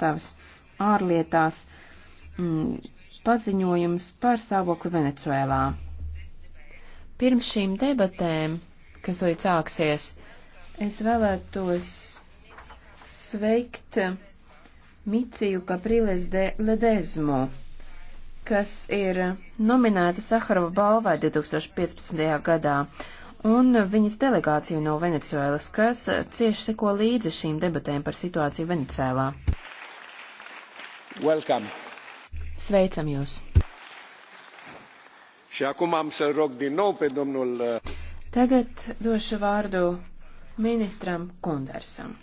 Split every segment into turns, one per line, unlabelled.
pārstāvis ārlietās mm, paziņojums par stāvokli Venecuēlā. Pirms šīm debatēm, kas līdz sāksies, es vēlētos sveikt Miciju Kapriles de Ledezmu, kas ir nominēta Saharova balvai 2015. gadā un viņas delegāciju no Venecuēlas, kas cieši seko līdzi šīm debatēm par situāciju Venecuēlā. Welcome! Sveicam jūs! Și acum am să rog din nou pe domnul... Uh, Tagad došu vārdu ministram Kundersam.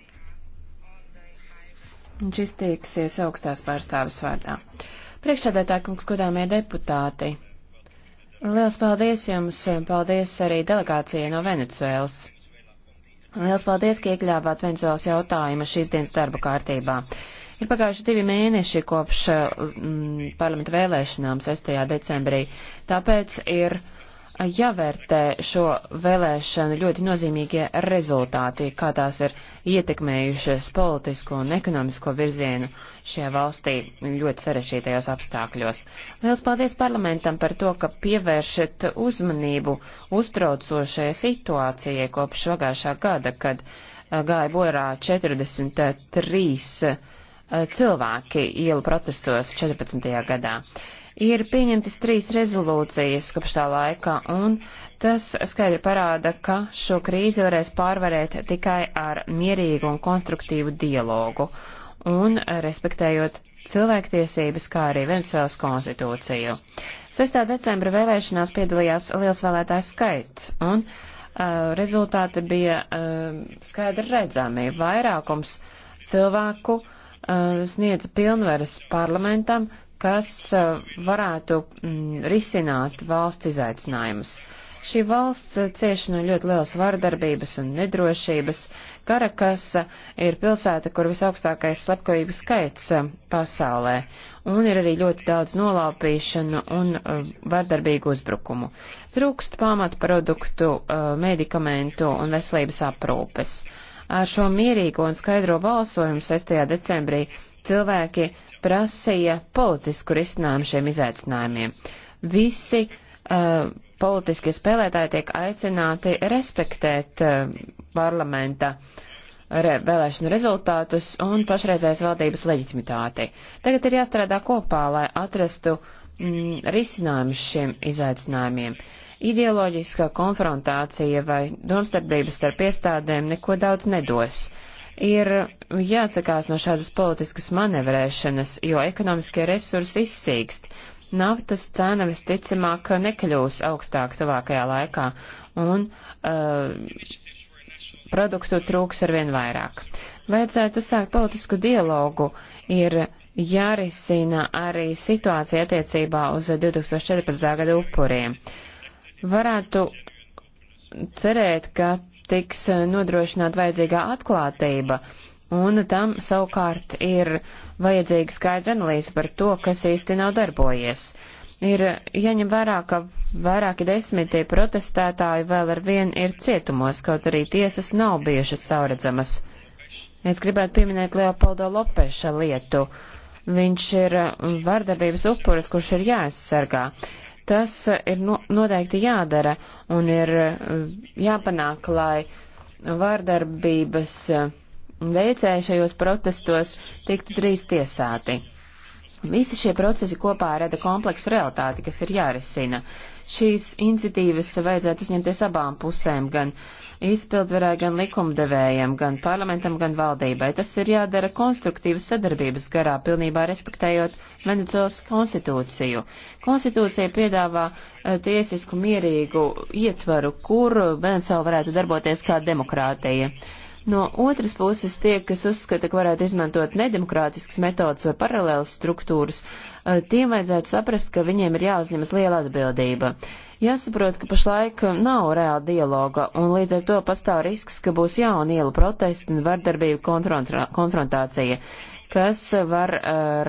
Viņš izteiksies augstās pārstāvis vārdā. Priekšsēdētā kungs, godāmie deputāti, liels paldies jums, paldies arī delegācijai no Venecuēlas. Liels paldies, ka iekļāvāt Venecuēlas jautājumu šīs dienas darba kārtībā. Ir pagājuši divi mēneši kopš mm, parlamenta vēlēšanām 6. decembrī, tāpēc ir jāvērtē šo vēlēšanu ļoti nozīmīgie rezultāti, kā tās ir ietekmējušas politisko un ekonomisko virzienu šajā valstī ļoti sarešķītajos apstākļos. Liels paldies parlamentam par to, ka pievēršat uzmanību uztraucošajai situācijai kopš pagājušā gada, kad eh, gāja borā 43 Eh, cilvēki ielu protestos 14. gadā. Ir pieņemtas trīs rezolūcijas kopš tā laika, un tas skaidri parāda, ka šo krīzi varēs pārvarēt tikai ar mierīgu un konstruktīvu dialogu un respektējot cilvēktiesības, kā arī Venecuēlas konstitūciju. 6. decembra vēlēšanās piedalījās liels vēlētājs skaits, un uh, rezultāti bija uh, skaidri redzami. Vairākums cilvēku uh, Uh, sniedz pilnveres parlamentam, kas uh, varētu mm, risināt valsts izaicinājumus. Šī valsts uh, cieši no ļoti lielas vardarbības un nedrošības. Karakasa ir pilsēta, kur visaugstākais slepkavību skaits pasaulē, un ir arī ļoti daudz nolāpīšanu un vardarbīgu uzbrukumu. Trūkst pamatproduktu, medikamentu un veselības aprūpes. Ar šo mierīgo un skaidro balsojumu 6. decembrī cilvēki prasīja politisku risinājumu šiem izaicinājumiem. Visi uh, politiskie spēlētāji tiek aicināti respektēt uh, parlamenta re vēlēšanu rezultātus un pašreizējas valdības leģitimitāti. Tagad ir jāstrādā kopā, lai atrastu mm, risinājumus šiem izaicinājumiem. Uh, Ideoloģiskā konfrontācija vai domstarpības starp iestādēm neko daudz nedos. Ir jāatsakās no šādas politiskas manevrēšanas, jo ekonomiskie resursi izsīkst. Naftas cena visticamāk nekļūs augstāk tuvākajā laikā, un uh, produktu trūks arvien vairāk. Vajadzētu sākt politisku dialogu, ir jārisina arī situācija attiecībā uz 2014. gada upuriem. Uh, varētu cerēt, ka tiks nodrošināt vajadzīgā atklātība, un tam savukārt ir vajadzīga skaidra analīze par to, kas īsti nav darbojies. Ir jaņem vērā, ka vairāki desmitie protestētāji vēl ar vien ir cietumos, kaut arī tiesas nav bijušas sauredzamas. Es gribētu pieminēt Leopoldo Lopeša lietu. Viņš ir vardarbības upuris, kurš ir jāaizsargā. Tas ir no, noteikti jādara un ir eh, jāpanāk, lai vārdarbības eh, veicēji šajos protestos tiktu drīz tiesāti. Visi šie procesi kopā rada kompleksu realitāti, kas ir jārisina. Šīs iniciatīvas vajadzētu uzņemties abām pusēm, gan uh, izpildvarē gan likumdevējiem, gan parlamentam, gan valdībai. Tas ir jādara konstruktīvas sadarbības garā, pilnībā respektējot Venecuēlas konstitūciju. Konstitūcija piedāvā eh, tiesisku mierīgu ietvaru, kur Venecuēla varētu darboties kā demokrātija. No otras puses tie, kas uzskata, ka varētu izmantot nedemokrātiskas metodas vai paralēlas struktūras, eh, tiem vajadzētu saprast, ka viņiem ir jāuzņemas liela atbildība. Jāsaprot, ka pašlaik nav reāla dialoga, un līdz ar to pastāv risks, ka būs jauna ielu protesta un vardarbība konfrontācija kas var uh,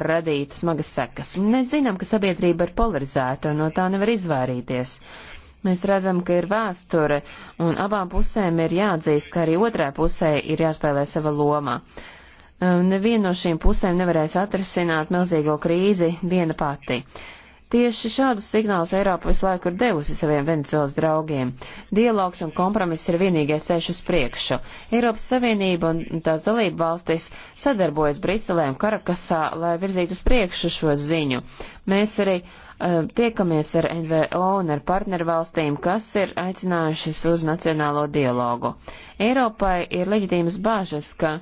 radīt smagas sekas. Mēs zinām, ka sabiedrība ir polarizēta un no tā nevar izvairīties. Uh, Mēs redzam, ka ir vēsture, un abām pusēm ir jāatzīst, ka arī otrā pusē ir jāspēlē sava loma. Ehm, neviena no šīm pusēm nevarēs atrisināt milzīgo krīzi viena pati. Tieši šādus signālus Eiropa visu laiku ir devusi saviem Venecuēlas draugiem. Dialogs un kompromiss ir vienīgais ceļš uz priekšu. Eiropas Savienība un tās dalība valstis sadarbojas Briselē un Karakasā, lai virzītu uz priekšu šo ziņu. Mēs arī uh, tiekamies ar NVO un ar partnervalstīm, kas ir aicinājušas uz nacionālo dialogu. Eiropai ir leģitīmas bāžas, ka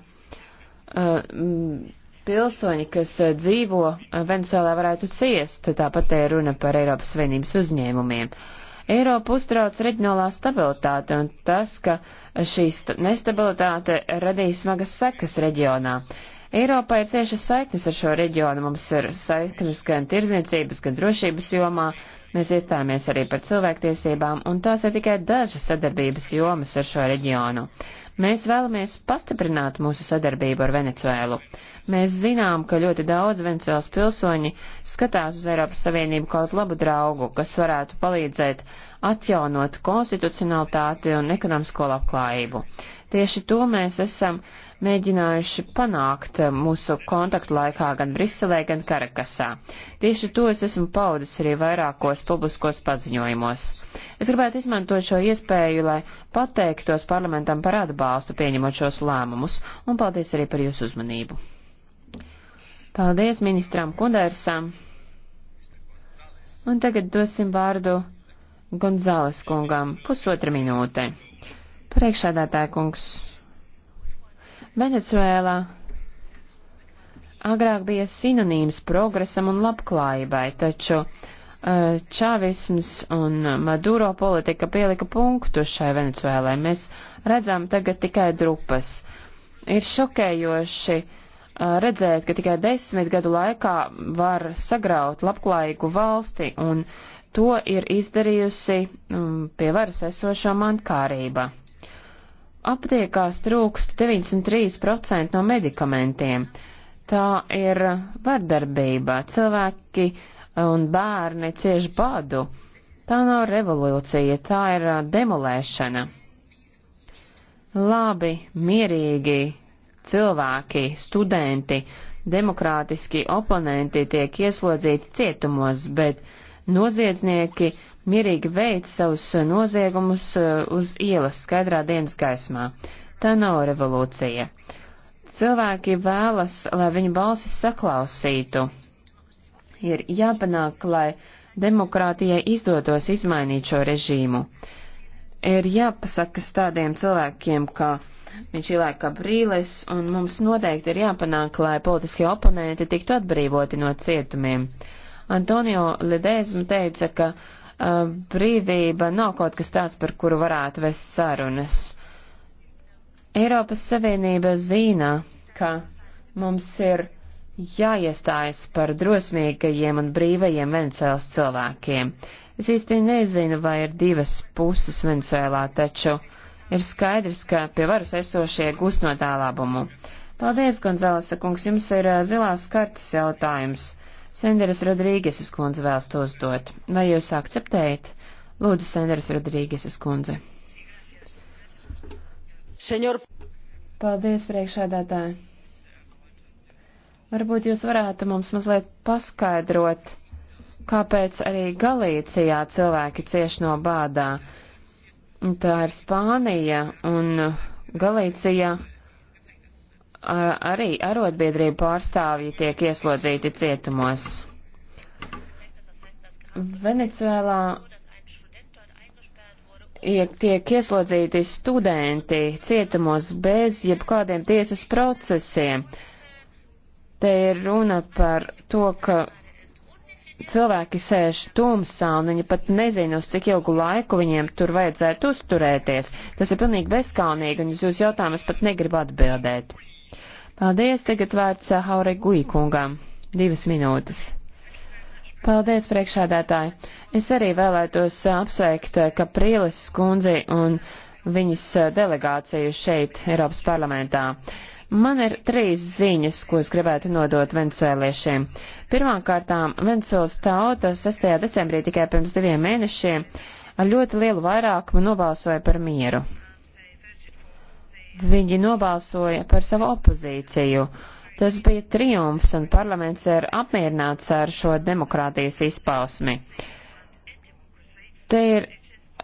pilsoņi, kas eh, dzīvo eh, Venezuelā, varētu ciest, tāpat ir runa par Eiropas Savienības uzņēmumiem. Eiropu uztrauc reģionālā stabilitāte un tas, ka šī nestabilitāte radīs smagas sekas reģionā. Eiropā ir ciešas saiknes ar šo reģionu. Mums ir saiknes gan tirzniecības, gan drošības jomā. Mēs iestājāmies arī par cilvēktiesībām, un tās ir tikai dažas sadarbības jomas ar šo reģionu. Mēs vēlamies pastiprināt mūsu sadarbību ar Venecuēlu. Mēs zinām, ka ļoti daudz Venecijas pilsoņi skatās uz Eiropas Savienību kā uz labu draugu, kas varētu palīdzēt atjaunot konstitucionalitāti un ekonomisko labklājību. Tieši to mēs esam mēģinājuši panākt mūsu kontaktu laikā gan Briselē, gan Karakasā. Tieši to es esmu paudis arī vairākos publiskos paziņojumos. Es gribētu izmantot šo iespēju, lai pateiktos parlamentam par atbalstu pieņemot šos lēmumus, un paldies arī par jūsu uzmanību. Paldies ministram Kundērsam. Un tagad dosim vārdu Gonzāles kungam. Pusotra minūte. Priekšādātāja kungs. Venecuēlā agrāk bija sinonīms progresam un labklājībai, taču eh, čāvisms un Maduro politika pielika punktu šai Venecuēlai. Mēs redzam tagad tikai drupas. Ir šokējoši redzēt, ka tikai desmit gadu laikā var sagraut labklājīgu valsti, un to ir izdarījusi mm, pie varas esošā mankārība. Aptiekās trūkst 93% no medikamentiem. Tā ir vardarbība. Cilvēki un bērni cieš badu. Tā nav revolūcija, tā ir demolēšana. Labi, mierīgi cilvēki, studenti, demokrātiski oponenti tiek ieslodzīti cietumos, bet noziedznieki mierīgi veic savus noziegumus uh, uz ielas skaidrā dienas gaismā. Tā nav revolūcija. Cilvēki vēlas, lai viņu balsis saklausītu. Ir jāpanāk, lai demokrātijai izdotos izmainīt šo režīmu. Ir jāpasakas tādiem cilvēkiem, ka Viņš ielēk kā brīlis, un mums noteikti ir jāpanāk, lai politiskie oponenti tiktu atbrīvoti no cietumiem. Antonio Ledēzma teica, ka uh, brīvība nav kaut kas tāds, par kuru varētu vest sarunas. Eiropas Savienība zina, ka mums ir jāiestājas par drosmīgajiem un brīvajiem Venecēlas cilvēkiem. Es īsti nezinu, vai ir divas puses Venecēlā, taču uh, Ir skaidrs, ka pie varas esošie gūst no tā labumu. Paldies, Gonzalesa kungs, jums ir zilās kartas jautājums. Senderas Rodrīgeses kundze vēlas tos dot. Vai jūs akceptējat? Lūdzu, Senderas Rodrīgeses kundze. Senor... Paldies, priekšādātāji. Varbūt jūs varētu mums mazliet paskaidrot, kāpēc arī Galīcijā cilvēki cieš no bādā tā ir Spānija un Galīcija arī arotbiedrību pārstāvji tiek ieslodzīti cietumos. Venecuēlā tiek ieslodzīti studenti cietumos bez jebkādiem tiesas procesiem. Te ir runa par to, ka cilvēki sēž tumsā un viņi pat nezina, uz cik ilgu laiku viņiem tur vajadzētu uzturēties. Tas ir pilnīgi bezkaunīgi, un uz jūsu jautājumu es pat negribu atbildēt. Paldies, tagad vārds eh, Haure Guikungam. Divas minūtes. Paldies, priekšādātāji. Es arī vēlētos eh, apsveikt eh, Kaprīles skundzi un viņas delegāciju šeit, Eiropas parlamentā. Uh, Man ir trīs ziņas, ko es gribētu nodot venecuēliešiem. Pirmkārtām, Venecuēlas tauta 6. decembrī tikai pirms diviem mēnešiem ar ļoti lielu vairākumu nobalsoja par mieru. Viņi nobalsoja par savu opozīciju. Tas bija triumfs, un parlaments ir apmierināts ar šo demokrātijas izpausmi. Te ir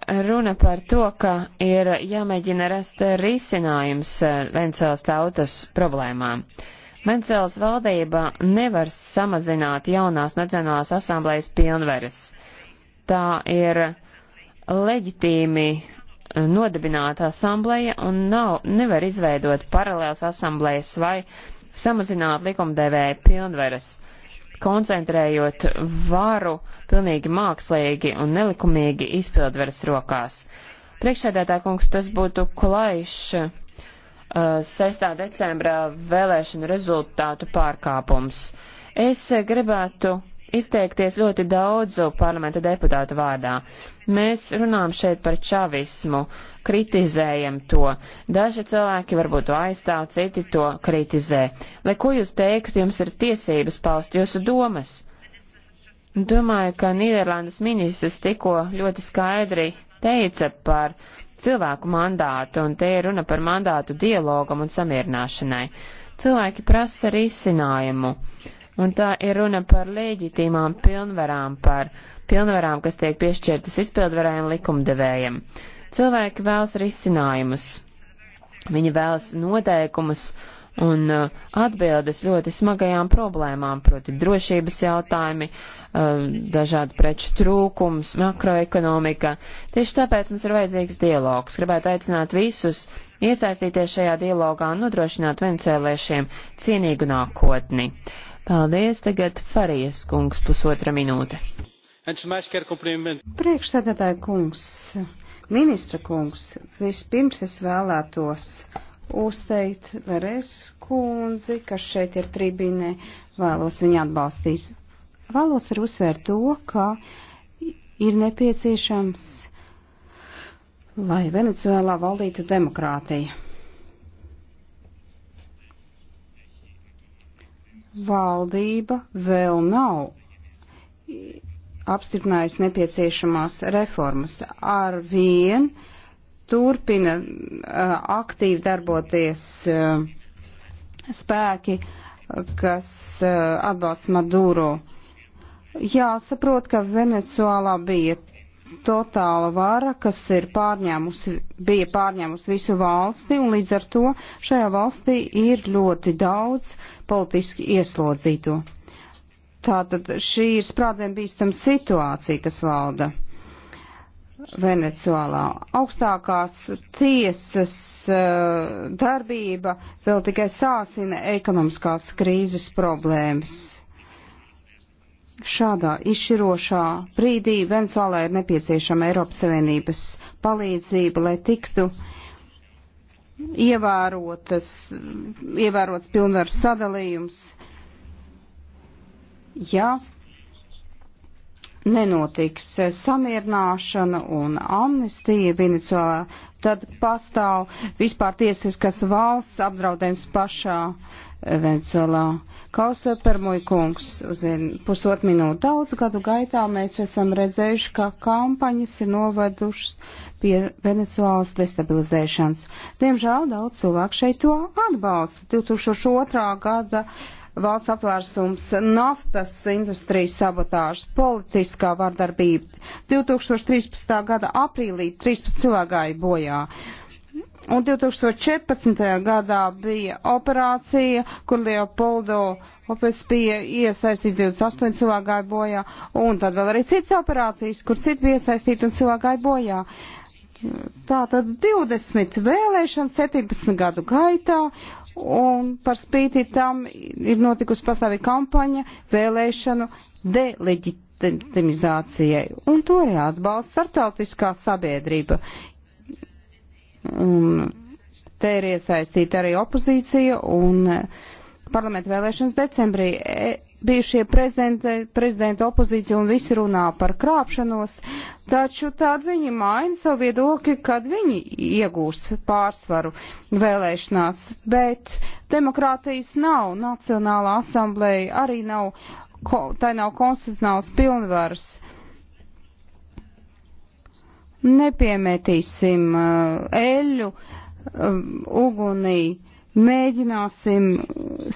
runa par to, ka ir jāmēģina rast risinājums eh, Vencēlas tautas problēmām. Vencēlas valdība nevar samazināt jaunās Nacionālās asamblējas pilnveres. Tā ir leģitīmi eh, nodibināta asambleja un nav, nevar izveidot paralēlas asamblējas vai samazināt likumdevēja pilnveres. Uh, koncentrējot varu pilnīgi mākslīgi un nelikumīgi izpildveras rokās. Priekšsēdētā kungs, tas būtu klaišs uh, 6. decembrā vēlēšanu rezultātu pārkāpums. Es gribētu izteikties ļoti daudzu parlamenta deputātu vārdā. Mēs runājam šeit par čavismu, kritizējam to. Daži cilvēki varbūt to aizstāv, citi to kritizē. Lai ko jūs teiktu, jums ir tiesības paust jūsu domas. Domāju, ka Nīderlandes ministrs tikko ļoti skaidri teica par cilvēku mandātu, un te ir runa par mandātu dialogam un samierināšanai. Cilvēki prasa risinājumu. Uh, Un tā ir runa par leģitīmām pilnvarām, par pilnvarām, kas tiek piešķirtas izpildvarējiem likumdevējiem. Cilvēki vēlas risinājumus, viņi vēlas noteikumus un uh, atbildes ļoti smagajām problēmām, proti drošības jautājumi, uh, dažādu preču trūkums, makroekonomika. Tieši tāpēc mums ir vajadzīgs dialogs. Gribētu aicināt visus iesaistīties šajā dialogā un nodrošināt venecuēliešiem cienīgu nākotni. Uh, Paldies, tagad Farijas kungs pusotra minūte.
Priekšsēdētāja kungs, ministra kungs, vispirms es vēlētos uzteikt Leres kundzi, kas šeit ir tribīnē, vēlos viņu atbalstīt. Vēlos arī uzsvērt to, ka ir nepieciešams, lai Venecuēlā valdītu demokrātija. valdība vēl nav apstiprinājusi nepieciešamās reformas. Ar vien turpina uh, aktīvi darboties uh, spēki, kas uh, atbalsta Maduro. Jāsaprot, ka Venecuālā bija totāla vara, kas ir pārņēmusi, bija pārņēmusi visu valsti, un līdz ar to šajā valstī ir ļoti daudz politiski ieslodzīto. Tātad šī ir sprādzien bīstama situācija, kas valda Venecuālā. Augstākās tiesas eh, darbība vēl tikai sāsina ekonomiskās krīzes problēmas Šādā izšķirošā brīdī Venezuelā ir nepieciešama Eiropas Savienības palīdzība, lai tiktu ievērotas, ievērots pilnvaru sadalījums. Ja nenotiks eh, samierināšana un amnestija Venecijā, tad pastāv vispār tiesiskas valsts apdraudējums pašā eh, Venecijā. Kausa Permojkungs uz vienu pusotru minūtu daudzu gadu gaitā mēs esam redzējuši, ka kampaņas ir novedušas pie Venecijālas destabilizēšanas. Diemžēl daudz cilvēku šeit to atbalsta. 2002. gada valsts apvērsums, naftas industrijas sabotāžas, politiskā vardarbība. 2013. gada aprīlī 13 cilvēki gāja bojā. Un 2014. gadā bija operācija, kur Leopoldo Opes bija iesaistīts 28 cilvēki gāja bojā, un tad vēl arī citas operācijas, kur citi bija iesaistīti un cilvēki gāja bojā. Uh, Tātad 20 vēlēšana 17 gadu gaitā, un par spīti tam ir notikusi pastāvīga kampaņa vēlēšanu deleģitimizācijai, un to arī atbalsta starptautiskā sabiedrība. Un te ir iesaistīta arī opozīcija, un uh, parlamentu vēlēšanas decembrī. E, bijušie prezidenti, prezidenta opozīcija un visi runā par krāpšanos, taču tād viņi maina savu viedokli, kad viņi iegūst pārsvaru vēlēšanās, bet demokrātijas nav, Nacionālā asamblēja arī nav, tai nav konstitucionāls pilnvaras nepiemētīsim uh, eļu um, ugunī Mēģināsim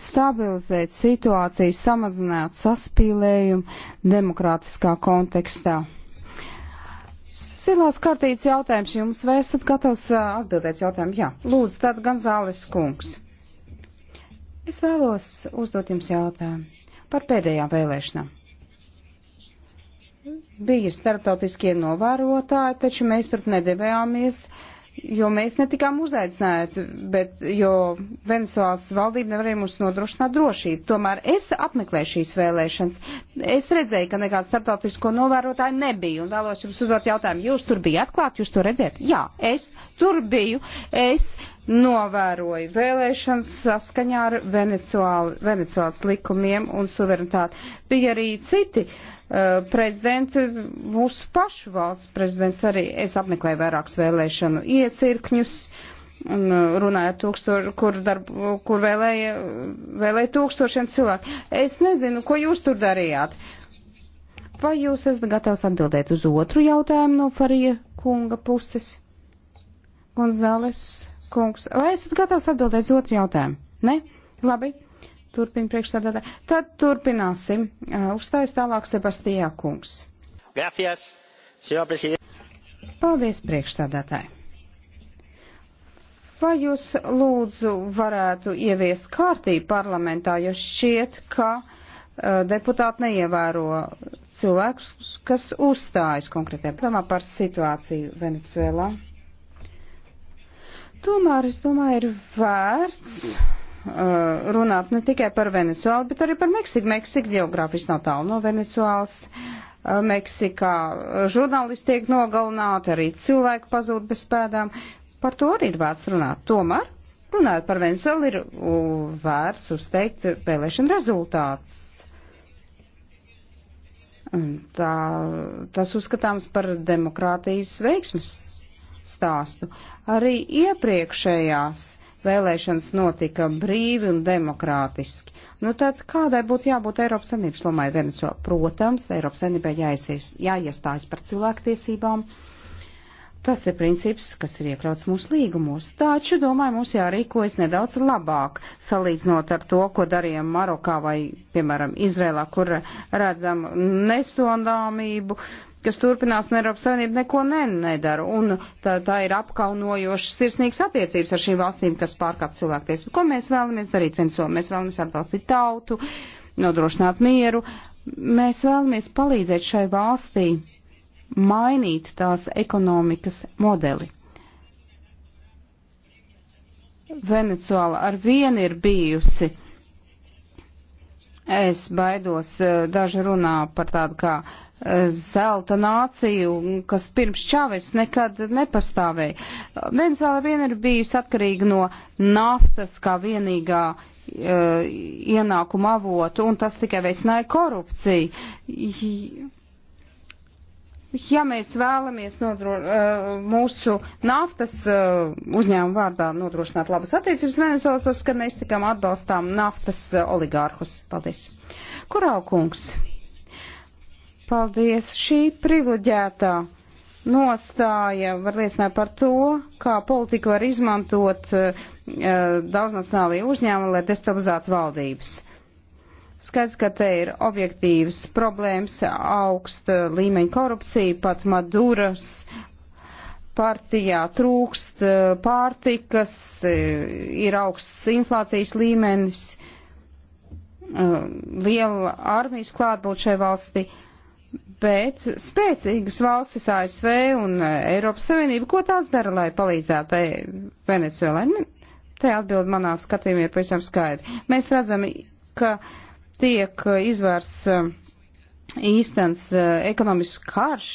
stabilizēt situāciju, samazināt saspīlējumu demokrātiskā kontekstā. Silās kārtīts jautājums jums, vai esat gatavs uh, atbildēt jautājumu? Jā, lūdzu, tad gan zāles kungs. Es vēlos uzdot jums jautājumu par pēdējām vēlēšanām bija starptautiskie novērotāji, taču mēs tur nedavējāmies jo mēs netikām uzaicināti, bet jo Venezuelas valdība nevarēja mums nodrošināt drošību. Tomēr es apmeklēju šīs vēlēšanas. Es redzēju, ka nekāds starptautisko novērotāju nebija un vēlos jums uzdot jautājumu. Jūs tur bijat atklāt, jūs to redzēt? Jā, es tur biju. Es novēroju vēlēšanas saskaņā ar Venecuāli, Venecuālas likumiem un suverenitāti. Bija arī citi. Uh, Eh, prezidenti, eh, mūsu pašu valsts prezidents arī, es apmeklēju vairākas vēlēšanu iecirkņus, un eh, runāja tūkstoši, kur, darbu, kur vēlēja, vēlēja tūkstošiem cilvēku. Es nezinu, ko jūs tur darījāt. Vai jūs esat gatavs atbildēt uz otru jautājumu no Farija kunga puses? Gonzales kungs, vai esat gatavs atbildēt uz otru jautājumu? Ne? Labi. Turpin priekšstādātāji. Tad turpināsim. Uh, uzstājas tālāk Sebastijā kungs. Gracias, Paldies, priekšstādātāji. Vai jūs lūdzu varētu ieviest kārtību parlamentā, jo šķiet, ka uh, deputāti neievēro cilvēkus, kas uzstājas konkrētajā plānā par situāciju Venecuēlā. Tomēr, es domāju, ir vērts Uh, runāt ne tikai par Venecuālu, bet arī par Meksiku. Meksika geogrāfiski nav tālu no Venecuālas. Uh, Meksikā uh, žurnālisti tiek nogalināti, arī cilvēki pazūd bez pēdām. Par to arī ir vērts runāt. Tomēr, runājot par Venecuālu, ir vērts uzteikt vēlēšanu rezultātus. Tā, tas uzskatāms par demokrātijas veiksmes stāstu. Arī iepriekšējās vēlēšanas notika brīvi un demokrātiski. Nu tad kādai būtu jābūt Eiropas Savienības lomai Venecijā? Protams, Eiropas Savienībai jāiestājas par cilvēktiesībām. Tas ir princips, kas ir iekļauts mūsu līgumos, taču, domāju, mums jārīkojas nedaudz labāk, salīdzinot ar to, ko darījām Marokā vai, piemēram, Izrēlā, kur redzam nesondāmību, uh, kas turpinās, un Eiropas Savienība neko nedara. Un tā, tā ir apkaunojošas sirsnīgas attiecības ar šīm valstīm, kas pārkāp cilvēktiesību. Ko mēs vēlamies darīt viens otru? Mēs vēlamies atbalstīt tautu, nodrošināt mieru. Mēs vēlamies palīdzēt šai valstī mainīt tās ekonomikas modeli. Venecuāla ar vienu ir bijusi Es baidos, e, daži runā par tādu kā e, zelta nāciju, kas pirms Čāves nekad nepastāvēja. Venezuela vien ir bijusi atkarīga no naftas kā vienīgā uh, ienākuma avotu, un tas tikai veicināja korupciju ja mēs vēlamies nodro, eh, mūsu naftas eh, uzņēmumu vārdā nodrošināt labas attiecības Venezuelas, ka mēs tikam atbalstām naftas eh, oligārhus. Paldies. Kurā kungs? Paldies. Šī privileģētā nostāja var liecināt par to, kā politiku var izmantot uh, daudznacionālajie uzņēmumi, lai destabilizētu valdības. Skaidrs, ka te ir objektīvas problēmas, augsta līmeņa korupcija, pat Maduras partijā trūkst eh, pārtikas, eh, ir augsts inflācijas līmenis, eh, liela armijas klātbūt šai valsti, bet spēcīgas valstis ASV un Eiropas Savienība, ko tās dara, lai palīdzētu Venecijolai? Nu, te atbild manā skatījumā ir pavisam skaidri. Mēs redzam, ka uh, tiek eh, izvērsts eh, īstens eh, ekonomisks karš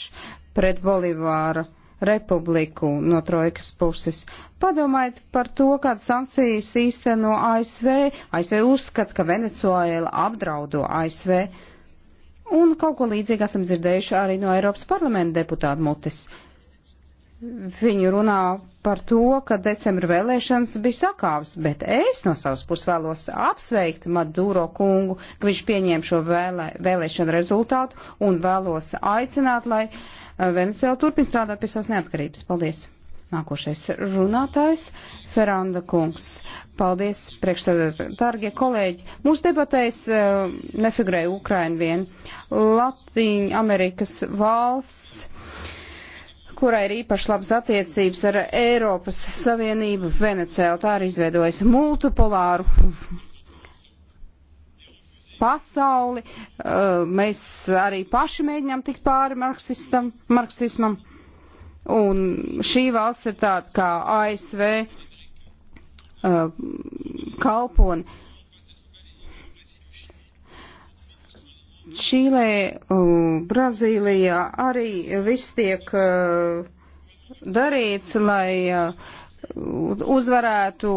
pret Bolivāru republiku no trojkas puses. Padomājiet par to, kādas sankcijas īsteno ASV. ASV uzskata, ka Venecuēla apdraudo ASV. Un kaut ko līdzīgu esam dzirdējuši arī no Eiropas parlamenta deputāta mutes. Viņi runā par to, ka decembra vēlēšanas bija sakāvs, bet es no savas puses vēlos apsveikt Maduro kungu, ka viņš pieņēma šo vēlē, vēlēšanu rezultātu un vēlos aicināt, lai eh, Venecijā turpin strādāt pie savas neatkarības. Paldies! Nākošais runātājs - Feranda kungs. Paldies, priekšstādātāji, dārgie kolēģi. Mūsu debatēs uh, nefigurēja Ukraina vien. Latīņa Amerikas valsts kurai ir īpaši labas attiecības ar Eiropas Savienību Venecēlu. Tā ir izveidojusi multipolāru pasauli. Uh, mēs arī paši mēģinām tikt pāri marksismam. Un šī valsts ir tāda kā ASV uh, kalponi Čīlē, Brazīlijā arī viss tiek darīts, lai uzvarētu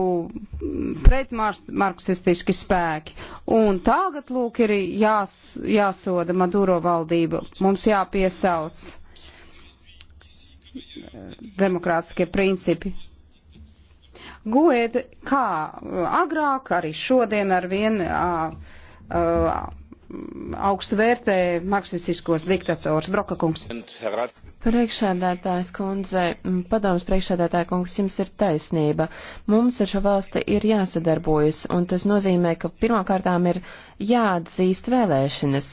pretmarksistiski spēki. Un tagad, lūk, ir jās, jāsoda Maduro valdība. Mums jāpiesauc demokrātiskie principi. Goēd, kā agrāk, arī šodien ar vienu. Uh, uh,
augstu vērtē marksistiskos diktators Broka kungs. Priekšsēdētājs kundze, padoms priekšsēdētāja kungs, jums ir taisnība. Mums ar šo valsti ir jāsadarbojas, un tas nozīmē, ka pirmkārtām ir jāatzīst vēlēšanas.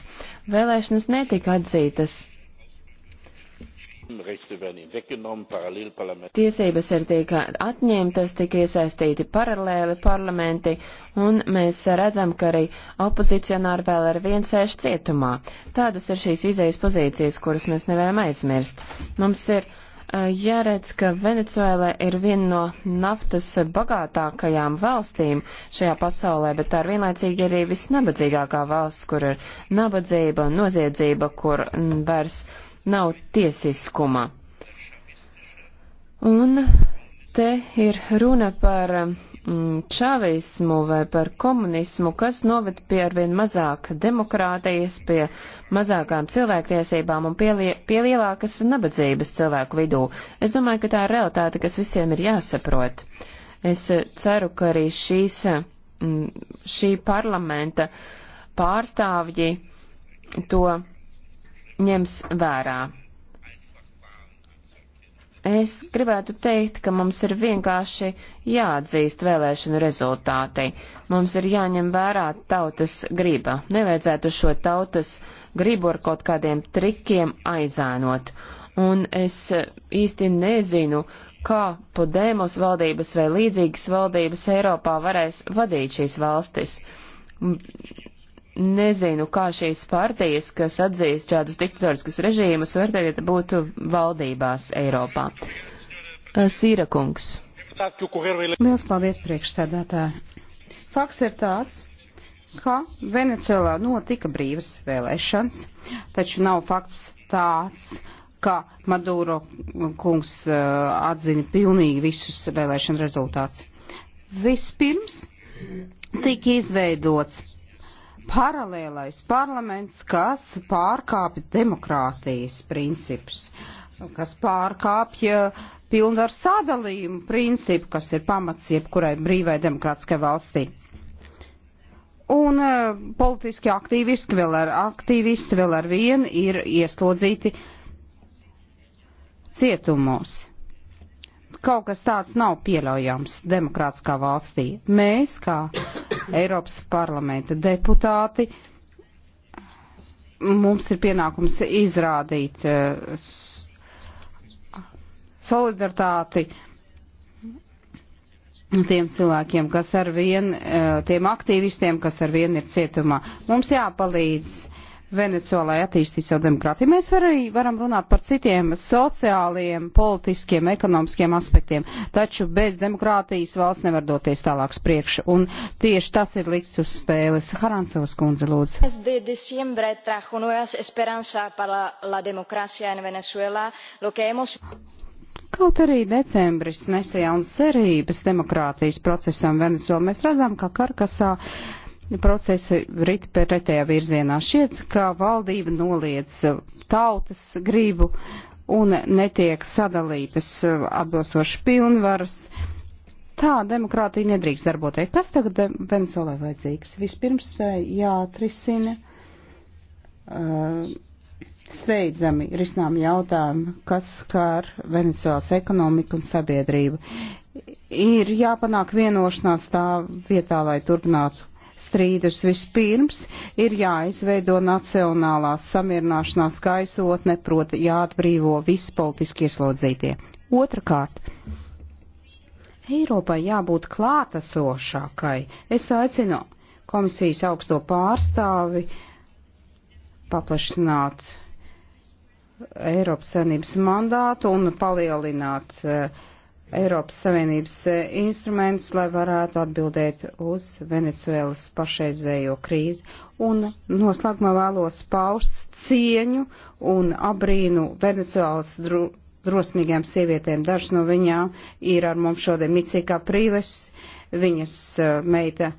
Vēlēšanas netika atzītas Tiesības ir tika atņemtas, tika iesaistīti paralēli parlamenti, un mēs redzam, ka arī opozicionāri vēl ar vien sēž cietumā. Tādas ir šīs izējas pozīcijas, kuras mēs nevaram aizmirst. Mums ir uh, jāredz, ka Venecuēlē ir viena no naftas bagātākajām valstīm šajā pasaulē, bet tā ir vienlaicīgi arī visnabadzīgākā valsts, kur ir nabadzība, noziedzība, kur m, mm, vairs. Mm, nav tiesiskuma. Un te ir runa par mm, čavismu vai par komunismu, kas noved pie arvien mazāk demokrātijas, pie mazākām cilvēktiesībām un pie, pie lielākas nabadzības cilvēku vidū. Es domāju, ka tā ir realitāte, kas visiem ir jāsaprot. Es ceru, ka arī šīs, mm, šī parlamenta pārstāvji to ņems vērā. Es gribētu teikt, ka mums ir vienkārši jāatzīst vēlēšanu rezultāti. Mums ir jāņem vērā tautas griba. Nevajadzētu šo tautas gribu ar kaut kādiem trikiem aizēnot. Un es īsti nezinu, kā Podēmos valdības vai līdzīgas valdības Eiropā varēs vadīt šīs valstis nezinu, kā šīs partijas, kas atzīst šādus diktatoriskus režīmus, var tagad būt valdībās Eiropā. Eh, Sīra kungs. Liels paldies
priekšsēdētāji. Fakts ir tāds, ka Venecijolā notika brīvas vēlēšanas, taču nav fakts tāds, ka Maduro kungs uh, atzina pilnīgi visus vēlēšanu rezultātus. Vispirms tika izveidots paralēlais parlaments, kas pārkāpj demokrātijas principus, kas pārkāpj pilnvaru sadalījumu principu, kas ir pamats jebkurai brīvai demokrātiskai valstī. Un uh, politiski aktīvisti vēl ar aktīvisti vēl ar vienu ir ieslodzīti cietumos kaut kas tāds nav pieļaujams demokrātiskā valstī. Mēs, kā Eiropas parlamenta deputāti, mums ir pienākums izrādīt eh, solidaritāti tiem cilvēkiem, kas ar vien, eh, tiem aktīvistiem, kas ar vien ir cietumā. Mums jāpalīdz Venecuēlai attīstīt savu demokrātiju. Mēs arī varam runāt par citiem sociāliem, politiskiem, ekonomiskiem aspektiem, taču bez demokrātijas valsts nevar doties tālāk spriekš, un tieši tas ir likts uz spēles. Harancovas kundze, lūdzu. Kaut arī decembris nesa jaunas cerības demokrātijas procesam Venecuēlā. Mēs redzam, ka Karkasā procesi rit pretējā virzienā. Šķiet, ka valdība noliedz tautas gribu un netiek sadalītas atbilstoši pilnvaras. Tā demokrātija nedrīkst darboties. Kas tagad Venezuelai vajadzīgs? Vispirms tai jāatrisina uh, steidzami risinām jautājumu, kas skar Venezuelas ekonomiku un sabiedrību. Ir jāpanāk vienošanās tā vietā, lai turpinātu strīdus. Vispirms ir jāizveido nacionālā samierināšanās gaisotne, proti jāatbrīvo visi politiski ieslodzītie. Otrakārt. Eiropai jābūt klātesošākai. Es aicinu komisijas augsto pārstāvi paplašināt Eiropas savinības mandātu un palielināt uh, Eiropas Savienības e, instrumentus, lai varētu atbildēt uz Venecuēlas pašreizējo krīzi. Un noslēgumā vēlos paust cieņu un abrīnu Venecuēlas dro drosmīgām sievietēm. Dažas no viņām ir ar mums šodien Micīkā Prīles, viņas e, meita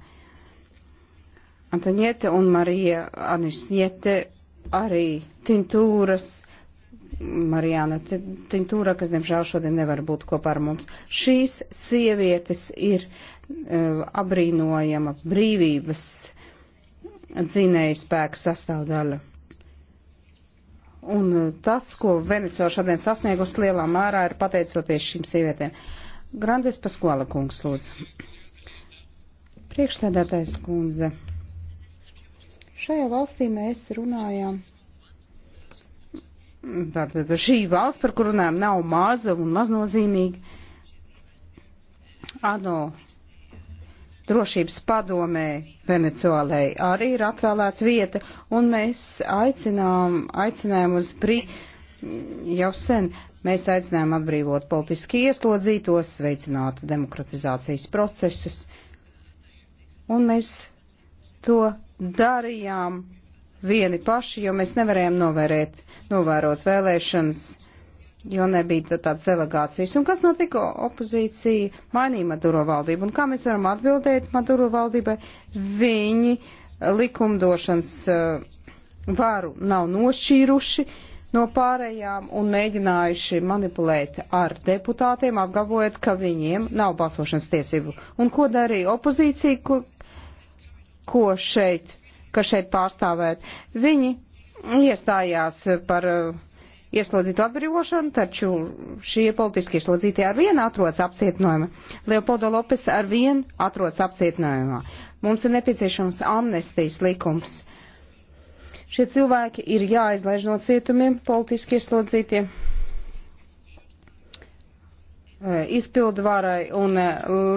Antoniete un Marija Anisniete, arī Tintūras Marijāna Tintūra, kas diemžēl šodien nevar būt kopā ar mums. Šīs sievietes ir uh, e, abrīnojama brīvības dzinēja spēka sastāvdaļa. Un e, tas, ko Venecija šodien sasniegusi lielā mērā, ir pateicoties šīm sievietēm. Grandes Paskola kungs, lūdzu. Priekšsēdētājs kundze. Šajā valstī mēs runājām Tātad šī valsts, par kuru runājam, nav maza un maznozīmīga. ANO drošības padomē Venecuēlai arī ir atvēlēta vieta, un mēs aicinām, aicinām uz brī, jau sen, mēs aicinām atbrīvot politiski ieslodzītos, veicināt demokratizācijas procesus, un mēs to darījām vieni paši, jo mēs nevarējām novērēt, novērot vēlēšanas, jo nebija tādas delegācijas. Un kas notika? Opozīcija mainīja Maduro valdību. Un kā mēs varam atbildēt Maduro valdībai? Viņi eh, likumdošanas eh, varu nav nošķīruši no pārējām un mēģinājuši manipulēt ar deputātiem, apgalvojot, ka viņiem nav balsošanas tiesību. Un ko darīja opozīcija, kur, ko šeit kas šeit pārstāvēt. Viņi iestājās par uh, ieslodzītu atbrīvošanu, taču šie politiski ieslodzītie ar vienu atrodas apcietinājumā. Leopoldo Lopes ar vienu atrodas apcietinājumā. Mums ir nepieciešams amnestijas likums. Šie cilvēki ir jāizlaiž no cietumiem politiski ieslodzītie. E, izpildu varai un e,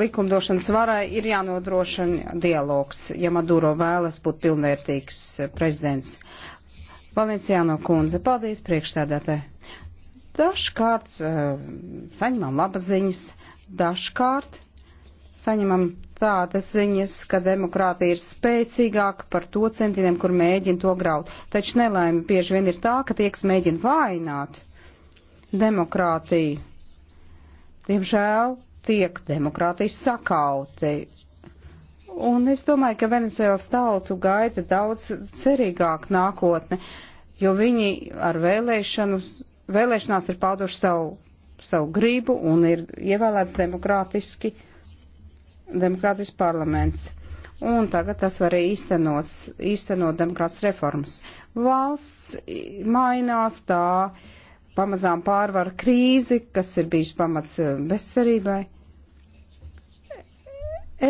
likumdošanas varai ir jānodrošina dialogs, ja Maduro vēlas būt pilnvērtīgs e, prezidents. Valenciāno kundze, paldies priekšstādātē. Dažkārt saņemam labas ziņas, dažkārt saņemam tādas ziņas, ka demokrātija ir spēcīgāka par to centieniem, kur mēģina to graut. Taču nelaime bieži vien ir tā, ka tie, kas mēģina vainot demokrātiju, diemžēl, tiek demokrātijas sakauti. Un es domāju, ka Venezuelas tautu gaida daudz cerīgāk nākotne, jo viņi ar vēlēšanās ir pauduši savu, savu gribu un ir ievēlēts demokrātiski, demokrātiski parlaments. Un tagad tas var arī īstenot, īstenot demokrātas reformas. Valsts mainās tā pamazām pārvar krīzi, kas ir bijis pamats bezcerībai. Eh,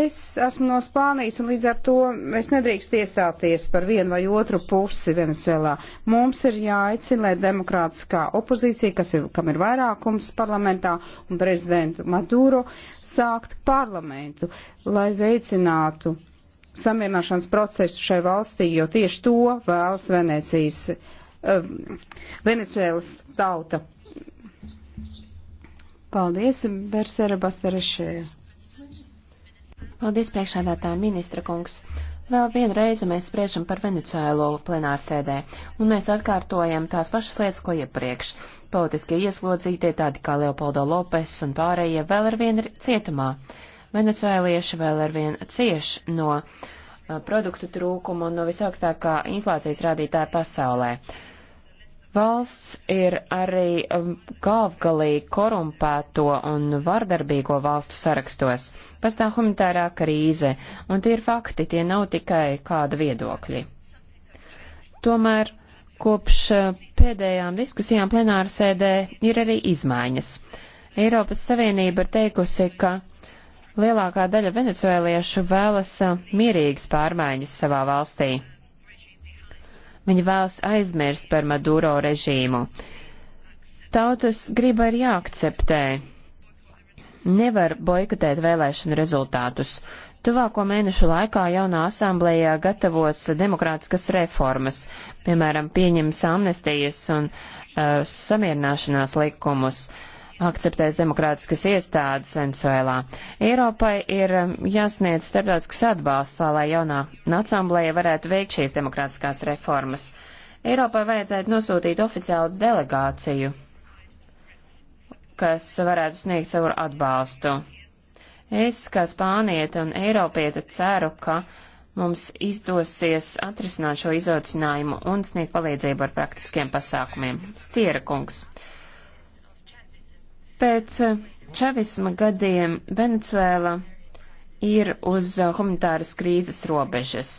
es esmu no Spānijas un līdz ar to es nedrīkst iestāties par vienu vai otru pusi Venecijā. Mums ir jāaicina, lai demokrātiskā opozīcija, kas ir, kam ir vairākums parlamentā un prezidentu Maduro, sākt parlamentu, lai veicinātu samierināšanas procesu šai valstī, jo tieši to vēlas Venecijas Um, Venecuēlas tauta.
Paldies, Bersera Bastarešēja. Paldies, priekšādātāja ministra kungs. Vēl vienu reizi mēs spriežam par Venecijālo plenārsēdē, un mēs atkārtojam tās pašas lietas, ko iepriekš. Politiskie ieslodzītie, tādi kā Leopoldo Lopes un pārējie, vēl ar vienu ir cietumā. Venecijālieši vēl ar vienu cieš no uh, produktu trūkuma un no visaugstākā inflācijas rādītāja pasaulē. Valsts ir arī um, galvgalīgi korumpēto un vardarbīgo valstu sarakstos. Pastāv humanitārā krīze, un tie ir fakti, tie nav tikai kāda viedokļi. Tomēr kopš uh, pēdējām diskusijām plenāra sēdē ir arī izmaiņas. Eiropas Savienība ir teikusi, ka lielākā daļa venecuēliešu vēlas uh, mierīgas pārmaiņas savā valstī. Viņi vēlas aizmirst par Maduro režīmu. Tautas griba ir jāakceptē. Nevar boikotēt vēlēšanu rezultātus. Tuvāko mēnešu laikā jaunā asamblējā gatavos demokrātiskas reformas, piemēram, pieņems amnestijas un uh, samierināšanās likumus. Uh, akceptēs demokrātiskas iestādes Venezuelā. Eiropai ir um, jāsniedz starptautisks atbalsts, lai jaunā asamblēja varētu veikt šīs demokrātiskās reformas. Eiropai vajadzētu nosūtīt oficiālu delegāciju, kas varētu sniegt savu atbalstu. Es, kā spānieta un eiropieta, ceru, ka mums izdosies atrisināt šo izaucinājumu un sniegt palīdzību ar praktiskiem pasākumiem. Stiera kungs. Pēc eh, čavisma gadiem Venecuēla ir uz eh, humanitāras krīzes robežas.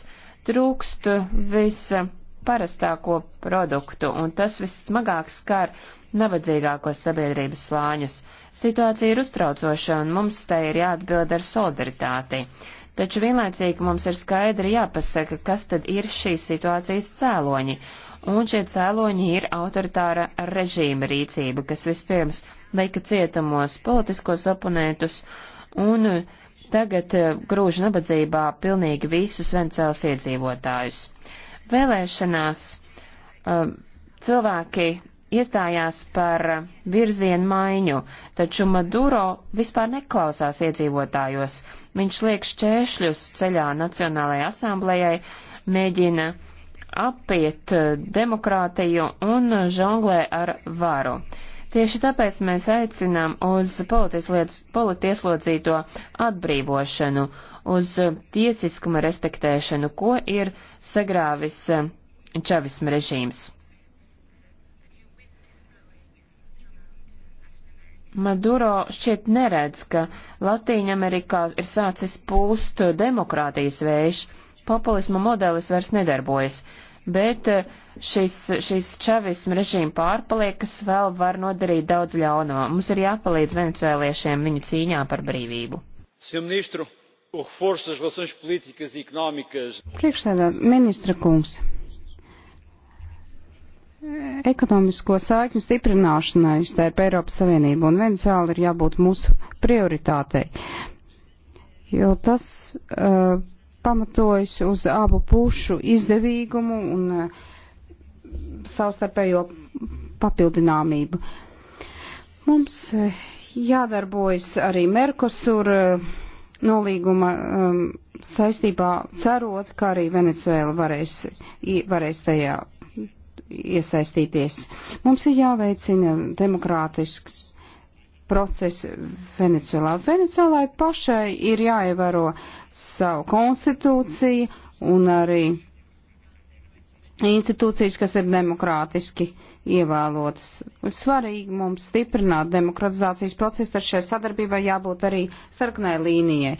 Trūkst visa parastāko produktu, un tas vissmagāk skar nabadzīgākos sabiedrības slāņus. Situācija ir uztraucoša, un mums tai ir jāatbild ar solidaritāti. Taču vienlaicīgi mums ir skaidri jāpasaka, kas tad ir šīs situācijas cēloņi, un šie cēloņi ir autoritāra režīma rīcība, kas vispirms lika cietumos politiskos oponentus un tagad eh, grūž nabadzībā pilnīgi visus Vencēlas iedzīvotājus. Vēlēšanās eh, cilvēki iestājās par virzienu maiņu, taču Maduro vispār neklausās iedzīvotājos. Viņš liek šķēršļus ceļā Nacionālajai asamblējai, mēģina uh, apiet eh, demokrātiju un žonglē ar varu. Tieši tāpēc mēs aicinām uz politieslodzīto atbrīvošanu, uz tiesiskuma respektēšanu, ko ir sagrāvis eh, čavisma režīms. Maduro šķiet neredz, ka Latīņa Amerikā ir sācis pūst demokrātijas vējš, populisma modelis vairs nedarbojas, bet eh, šis, šis čavismu režīmu pārpaliekas vēl var nodarīt daudz ļaunumā. Mums ir jāpalīdz venecuēliešiem viņu cīņā par brīvību. E Priekšsēdā ministra kungs
ekonomisko saikņu stiprināšanai starp Eiropas Savienību un Venecijālu ir jābūt mūsu prioritātei. Jo tas uh, pamatojas uz abu pušu izdevīgumu un eh, savstarpējo papildināmību. Mums eh, jādarbojas arī Merkosur eh, nolīguma um, saistībā, cerot, ka arī Venecuēla varēs, varēs tajā iesaistīties. Mums ir jāveicina demokrātisks procesu Venecijolā. Venecijolai pašai ir jāievēro savu konstitūciju un arī institūcijas, kas ir demokrātiski ievēlotas. Svarīgi mums stiprināt demokratizācijas procesu, tad šai sadarbībai jābūt arī sarkanai līnijai.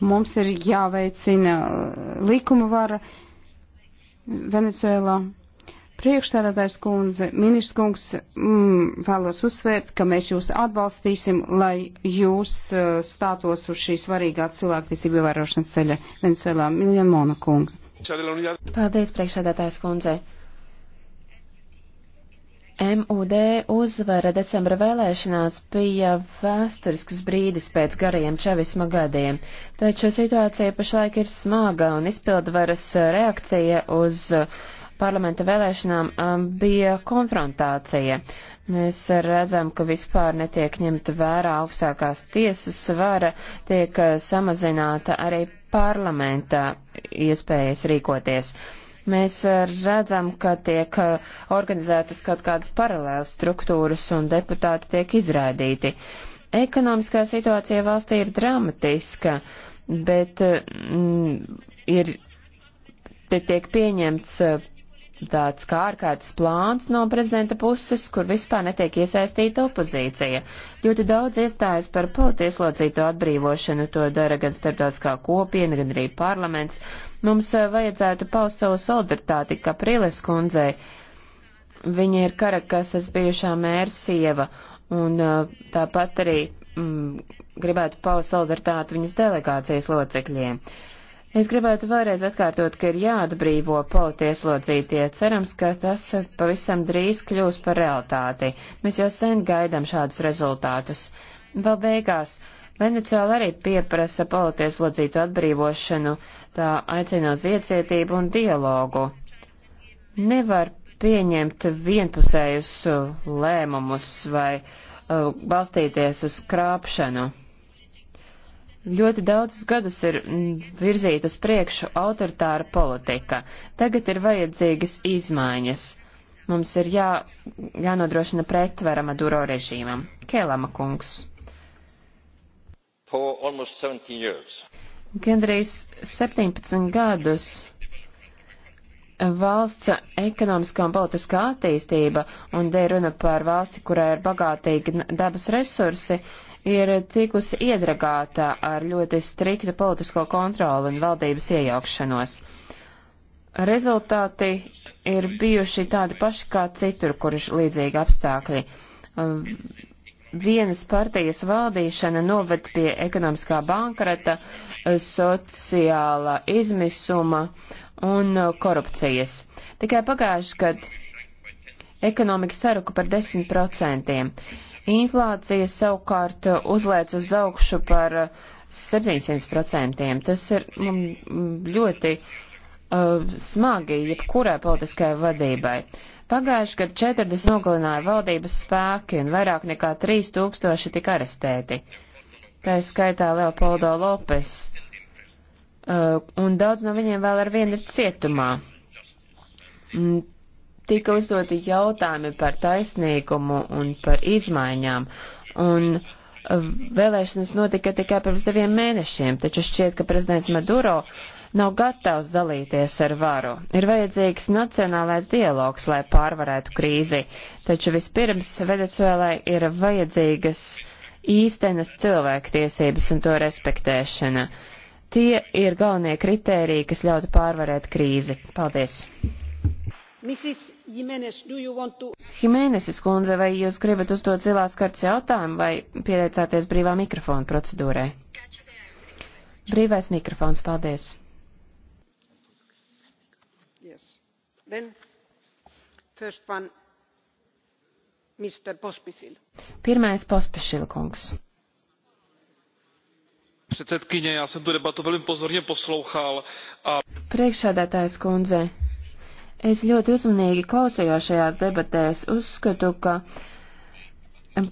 Mums ir jāveicina likuma vara Venecijolā. Priekšstādātais kundze, ministrs kungs, mm, vēlos uzsvērt, ka mēs jūs atbalstīsim, lai jūs uh, stātos uz šī svarīgā cilvēktiesību ievērošanas ceļa Venezuelā. Miljana Mona kungs.
Paldies, priekšstādātājs kundze. MUD uzvara decembra vēlēšanās bija vēsturisks brīdis pēc garajiem čevisma gadiem, taču situācija pašlaik ir smaga un izpildvaras reakcija uz uh, parlamenta vēlēšanām um, bija konfrontācija. Mēs redzam, ka vispār netiek ņemta vērā augstākās tiesas vara, tiek uh, samazināta arī parlamenta iespējas rīkoties. Mēs uh, redzam, ka tiek uh, organizētas kaut kādas paralēlas struktūras un deputāti tiek izraidīti. Ekonomiskā situācija valstī ir dramatiska, bet mm, ir, bet tiek pieņemts tāds kā ārkārtas plāns no prezidenta puses, kur vispār netiek iesaistīta opozīcija. Ļoti daudz iestājas par politieslocīto atbrīvošanu, to dara gan starptautiskā kopiena, gan arī parlaments. Mums eh, vajadzētu paust savu solidaritāti Kapriles kundzei. Viņa ir Karakasas bijušā mēra sieva, un eh, tāpat arī mm, gribētu paust solidaritāti viņas delegācijas locekļiem. Uh, Es gribētu vēlreiz atkārtot, ka ir jāatbrīvo politieslodzītie. Cerams, ka tas pavisam drīz kļūs par realitāti. Mēs jau sen gaidām šādus rezultātus. Vēl beigās. Venecijāla arī pieprasa politieslodzītu atbrīvošanu, tā aicina uz iecietību un dialogu. Nevar pieņemt vienpusējus lēmumus vai uh, balstīties uz krāpšanu. Ļoti daudzus gadus ir mm, virzīta uz priekšu autoritāra politika. Tagad ir vajadzīgas izmaiņas. Mums ir jā, jānodrošina pretvara Maduro režīmam. Kēlama kungs. Gandrīz 17 gadus valsts ekonomiskā un politiskā attīstība, un te ir runa par valsti, kurā ir bagātīgi dabas resursi, uh, ir tikusi iedragāta ar ļoti striktu politisko kontroli un valdības iejaukšanos. Rezultāti ir bijuši tādi paši kā citur, kur ir līdzīgi apstākļi. Um, vienas partijas valdīšana noved pie ekonomiskā bankrata, sociālā izmisuma un korupcijas. Tikai pagājuši, kad ekonomika saruka par 10%. Inflācija savukārt uh, uzlēc uz augšu par 700%. Uh, Tas ir mm, ļoti uh, smagi jebkurai politiskai vadībai. Pagājuši gadu 40 nogalināja valdības spēki un vairāk nekā 3000 tika arestēti. Tā ir skaitā Leopoldo Lopes. Uh, un daudz no viņiem vēl ar vienu ir cietumā. Mm, tika uzdoti jautājumi par taisnīgumu un par izmaiņām. Un eh, vēlēšanas notika tikai pirms diviem mēnešiem, taču šķiet, ka prezidents Maduro nav gatavs dalīties ar varu. Ir vajadzīgs nacionālais dialogs, lai pārvarētu krīzi, taču vispirms Venecuēlai ir vajadzīgas īstenas cilvēktiesības un to respektēšana. Tie ir galvenie kritēriji, kas ļautu pārvarēt krīzi. Paldies! Jimenezes to... kundze, vai jūs gribat uzdot zilās kartas jautājumu vai pieteicāties brīvā mikrofona procedūrai? Brīvais mikrofons, paldies.
Yes. Then, first one, Mr. Pospisil.
Pirmais Pospisil kungs.
Předsedkyně, já jsem tu debatu
velmi pozorně poslouchal a...
Priekšsēdētājs kundze, Es ļoti uzmanīgi klausījos šajās debatēs, uzskatu, ka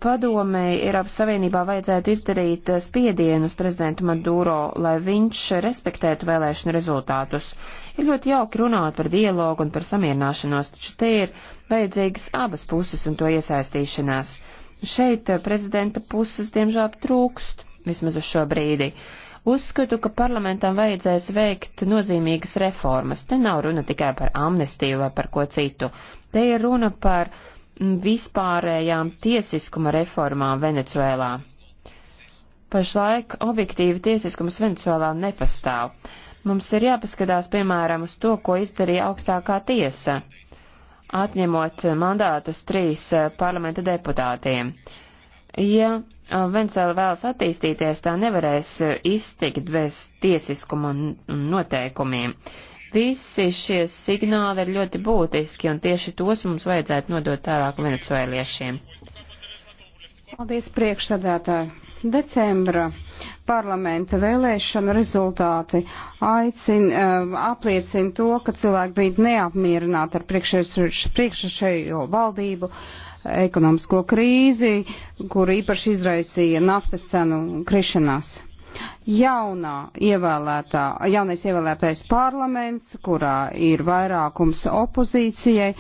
padomēji Eiropas Savienībā vajadzētu izdarīt spiedienus prezidentu Maduro, lai viņš respektētu vēlēšanu rezultātus. Ir ļoti jauki runāt par dialogu un par samierināšanos, taču te ir vajadzīgas abas puses un to iesaistīšanās. Šeit prezidenta puses, diemžēl, trūkst, vismaz uz šo brīdi. Uh, Uzskatu, ka parlamentam vajadzēs veikt nozīmīgas reformas. Te nav runa tikai par amnestiju vai par ko citu. Te ir runa par mm, vispārējām tiesiskuma reformām Venecuēlā. Pašlaik objektīvi tiesiskums Venecuēlā nepastāv. Mums ir jāpaskatās, piemēram, uz to, ko izdarīja augstākā tiesa, atņemot mandātus trīs eh, parlamenta deputātiem. Uh, Ja Venecuēla vēlas attīstīties, tā nevarēs iztikt bez tiesiskuma un noteikumiem. Visi šie signāli ir ļoti būtiski, un tieši tos mums vajadzētu nodot tālāk venecuēliešiem.
Paldies priekšsēdētāji. Decembra parlamenta vēlēšana rezultāti aicina, eh, apliecina to, ka cilvēki bija neapmierināti ar priekšējo valdību, ekonomisko krīzi, kur īpaši izraisīja naftas cenu krišanās jaunā ievēlētā, jaunais ievēlētais parlaments, kurā ir vairākums opozīcijai,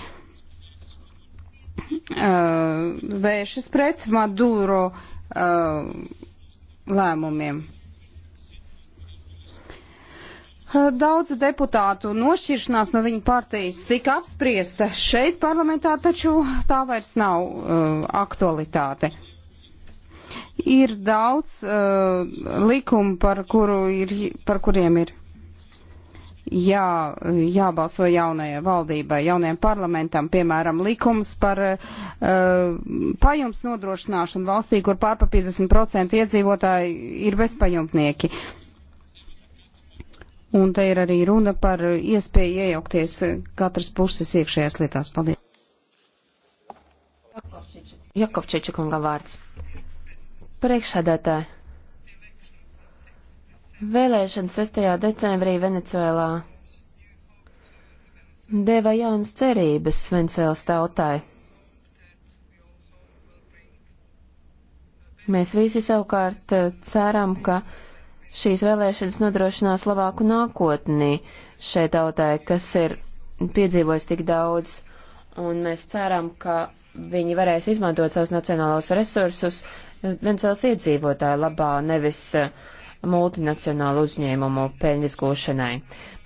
Uh, vēršas pret Maduro uh, lēmumiem. Uh, daudz deputātu nošķiršanās no viņa partijas tika apspriesta šeit parlamentā, taču tā vairs nav uh, aktualitāte. Ir daudz uh, likumu, par, kuru ir, par kuriem ir jā, jābalso jaunajai valdībai, jaunajam parlamentam, piemēram, likums par uh, eh, pajums nodrošināšanu valstī, kur pārpa 50% iedzīvotāji ir bezpajumtnieki. Un te ir arī runa par iespēju iejaukties katras puses
iekšējās lietās. Paldies. Jakovčiča kungam vārds. Priekšsēdētāji. Vēlēšanas 6. decembrī Venecuēlā deva jaunas cerības Venecuēlas tautai. Mēs visi savukārt eh, ceram, ka šīs vēlēšanas nodrošinās labāku nākotnī šai tautai, kas ir piedzīvojis tik daudz, un mēs ceram, ka viņi varēs izmantot savus nacionālos resursus eh, Venecuēlas iedzīvotāju labā, nevis uh, multinacionālu uzņēmumu peļņas gūšanai.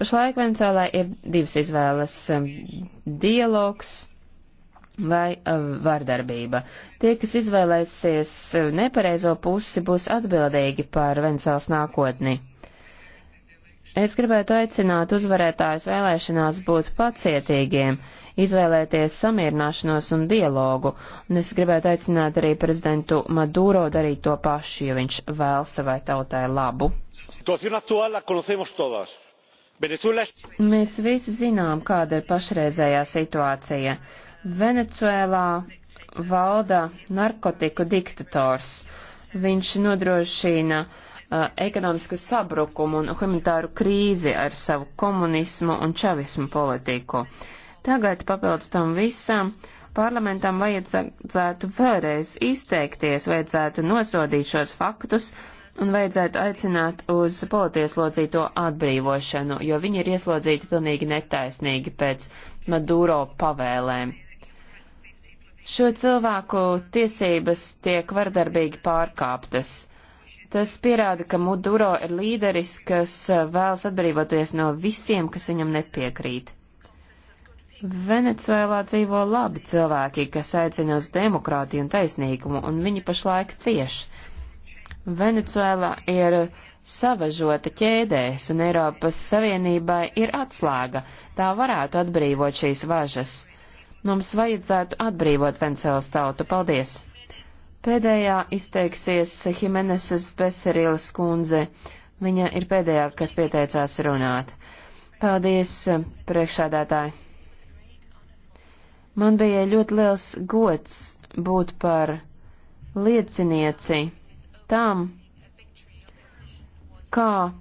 Pašlaik Venecijā ir divas izvēles um, - dialogs vai uh, vardarbība. Tie, kas izvēlēsies uh, nepareizo pusi, būs atbildīgi par Venecijas nākotni. Es gribētu aicināt uzvarētājus vēlēšanās būt pacietīgiem, izvēlēties samierināšanos un dialogu, un es gribētu aicināt arī prezidentu Maduro darīt to pašu, jo viņš vēl savai tautai labu. Mēs visi zinām, kāda ir pašreizējā situācija. Venecuēlā valda narkotiku diktators. Viņš nodrošina uh, Uh, ekonomisku sabrukumu un humanitāru krīzi ar savu komunismu un čavismu politiku. Tagad papildus tam visam parlamentam vajadzētu vēlreiz izteikties, vajadzētu nosodīt šos faktus un vajadzētu aicināt uz politieslodzīto atbrīvošanu, jo viņi ir ieslodzīti pilnīgi netaisnīgi pēc Maduro pavēlēm. Šo cilvēku tiesības tiek vardarbīgi pārkāptas. Tas pierāda, ka Muduro ir līderis, kas eh, vēlas atbrīvoties no visiem, kas viņam nepiekrīt. Venecuēlā dzīvo labi cilvēki, kas aicina uz demokrātiju un taisnīgumu, un viņi pašlaik cieš. Venecuēlā ir savažota ķēdēs, un Eiropas Savienībai ir atslēga. Tā varētu atbrīvot šīs važas. Mums vajadzētu atbrīvot Venecuēlas tautu. Paldies! Pēdējā izteiksies Himeneses Beserilas kundze. Viņa ir pēdējā, kas pieteicās runāt. Paldies, priekšādātāji. Man bija ļoti liels gods būt par liecinieci tam, kā uh,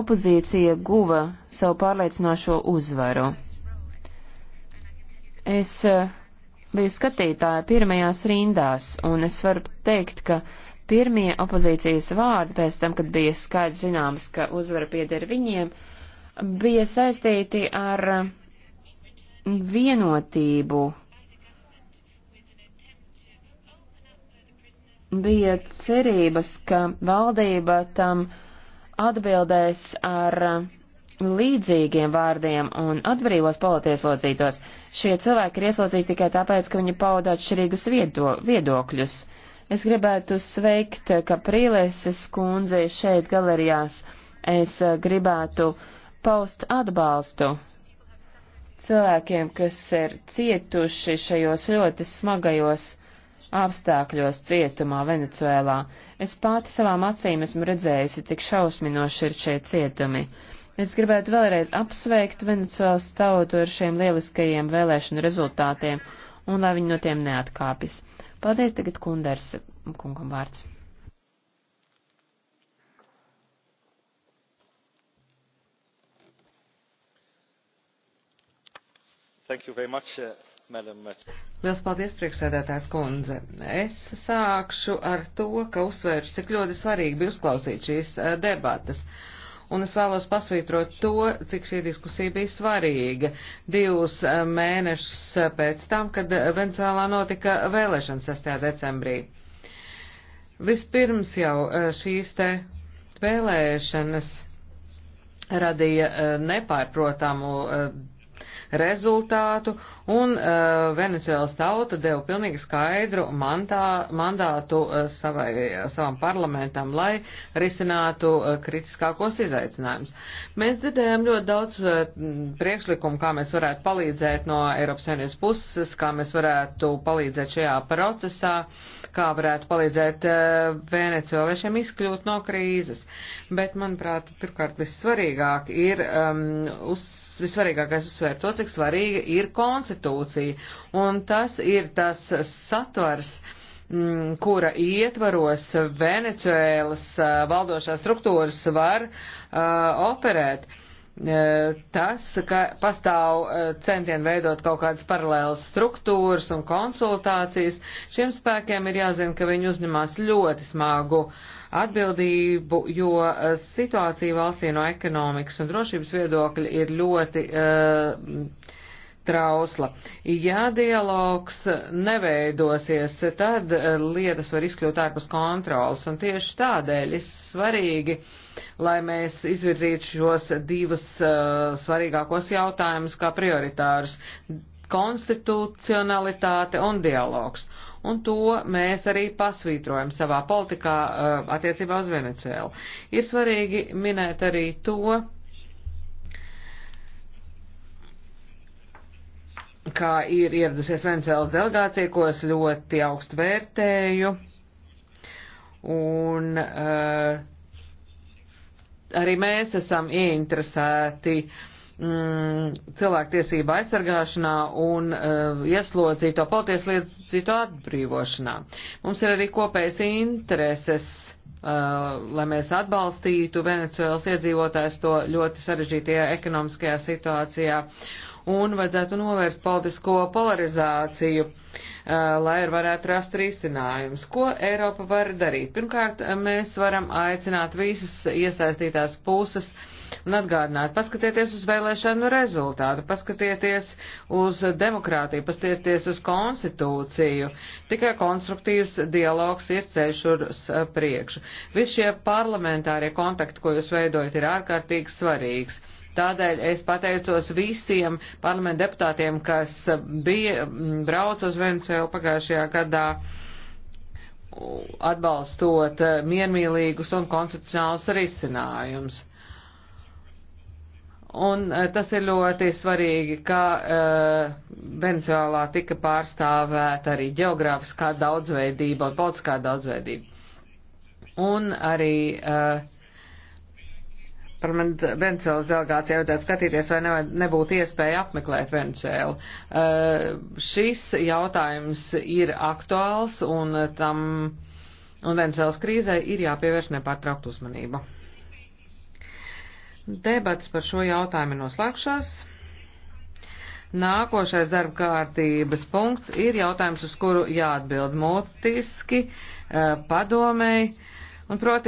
opozīcija guva savu pārliecinošo uzvaru. Es uh, biju skatītāja pirmajās rindās, un es varu teikt, ka pirmie opozīcijas vārdi pēc tam, kad bija skaidrs zināms, ka uzvara pieder viņiem, bija saistīti ar vienotību. Bija cerības, ka valdība tam atbildēs ar līdzīgiem vārdiem un atbrīvos politieslodzītos. Šie cilvēki ir ieslodzīti tikai tāpēc, ka viņi pauda atšķirīgus viedo, viedokļus. Es gribētu sveikt, ka Prīlēses kundze šeit galerijās. Es gribētu paust atbalstu cilvēkiem, kas ir cietuši šajos ļoti smagajos apstākļos cietumā Venecuēlā. Es pati savām acīm esmu redzējusi, cik šausminoši ir šie cietumi. Es gribētu vēlreiz apsveikt Venecuēlas tautu ar šiem lieliskajiem vēlēšanu rezultātiem un lai viņi no tiem neatkāpjas. Paldies tagad kunders kungam vārds.
Much, uh, uh, Liels paldies, priekšsēdētājs kundze. Es sākšu ar to, ka uzsvēršu, cik ļoti svarīgi bija uzklausīt šīs uh, debatas. Uh, un es vēlos pasvītrot to, cik šī diskusija bija svarīga. Divus eh, mēnešus eh, pēc tam, kad Venecijālā notika vēlēšanas 6. decembrī. Vispirms jau eh, šīs te vēlēšanas radīja nepārprotamu rezultātu, un uh, Venecuēlas tauta deva pilnīgi skaidru mantā, mandātu uh, savai, uh, savam parlamentam, lai risinātu uh, kritiskākos izaicinājumus. Mēs dzirdējām ļoti daudz uh, priekšlikumu, kā mēs varētu palīdzēt no Eiropas Savienības puses, kā mēs varētu palīdzēt šajā procesā, kā varētu palīdzēt eh, venecuēliešiem izkļūt no krīzes. Bet, manuprāt, pirmkārt vissvarīgāk ir, um, uz, vissvarīgākais uzsvērt to, cik svarīga ir konstitūcija. Un tas ir tas satvars, m, mm, kura ietvaros Venecuēlas eh, valdošās struktūras var uh, operēt. Uh, E, tas, ka pastāv e, centieni veidot kaut kādas paralēlas struktūras un konsultācijas, šiem spēkiem ir jāzina, ka viņi uzņemās ļoti smagu atbildību, jo e, situācija valstī no ekonomikas un drošības viedokļa ir ļoti uh, trausla. Ja dialogs neveidosies, tad eh, lietas var izkļūt ārpus kontrolas, un tieši tādēļ ir svarīgi, lai mēs izvirzītu šos divus uh, svarīgākos jautājumus kā prioritārus - konstitucionalitāte un dialogs. Un to mēs arī pasvītrojam savā politikā uh, attiecībā uz Venecuēlu. Ir svarīgi minēt arī to, kā ir ieradusies Venecēlas delegācija, ko es ļoti augstu vērtēju. Un uh, arī mēs esam ieinteresēti mm, cilvēktiesību aizsargāšanā un uh, ieslodzīto politieslietu atbrīvošanā. Mums ir arī kopējas intereses, uh, lai mēs atbalstītu Venecuēlas iedzīvotājs to ļoti sarežģītajā ekonomiskajā situācijā un vajadzētu novērst politisko polarizāciju, eh, lai varētu rast risinājums. Ko Eiropa var darīt? Pirmkārt, mēs varam aicināt visas iesaistītās puses un atgādināt, paskatieties uz vēlēšanu rezultātu, paskatieties uz demokrātiju, paskatieties uz konstitūciju. Tikai konstruktīvs dialogs ir ceļš uz eh, priekšu. Visi šie parlamentārie kontakti, ko jūs veidojat, ir ārkārtīgi svarīgs. Tādēļ es pateicos visiem parlamentu deputātiem, kas bija brauc uz Venecijā pagājušajā gadā atbalstot eh, miermīlīgus un konstitucionālus risinājumus. Un eh, tas ir ļoti svarīgi, ka uh, eh, Venecijālā tika pārstāvēta arī geogrāfiskā daudzveidība un politiskā daudzveidība. Un arī uh, par man Venecēlas delegācijā vajadzētu skatīties, vai ne, nebūtu iespēja apmeklēt Venecēlu. Uh, eh, šis jautājums ir aktuāls un tam, un Venecēlas krīzē ir jāpievērš nepārtraukt uzmanība. Debats par šo jautājumu noslēgšās. Nākošais darba kārtības punkts ir jautājums, uz kuru jāatbild mutiski uh, padomēji. Un proti,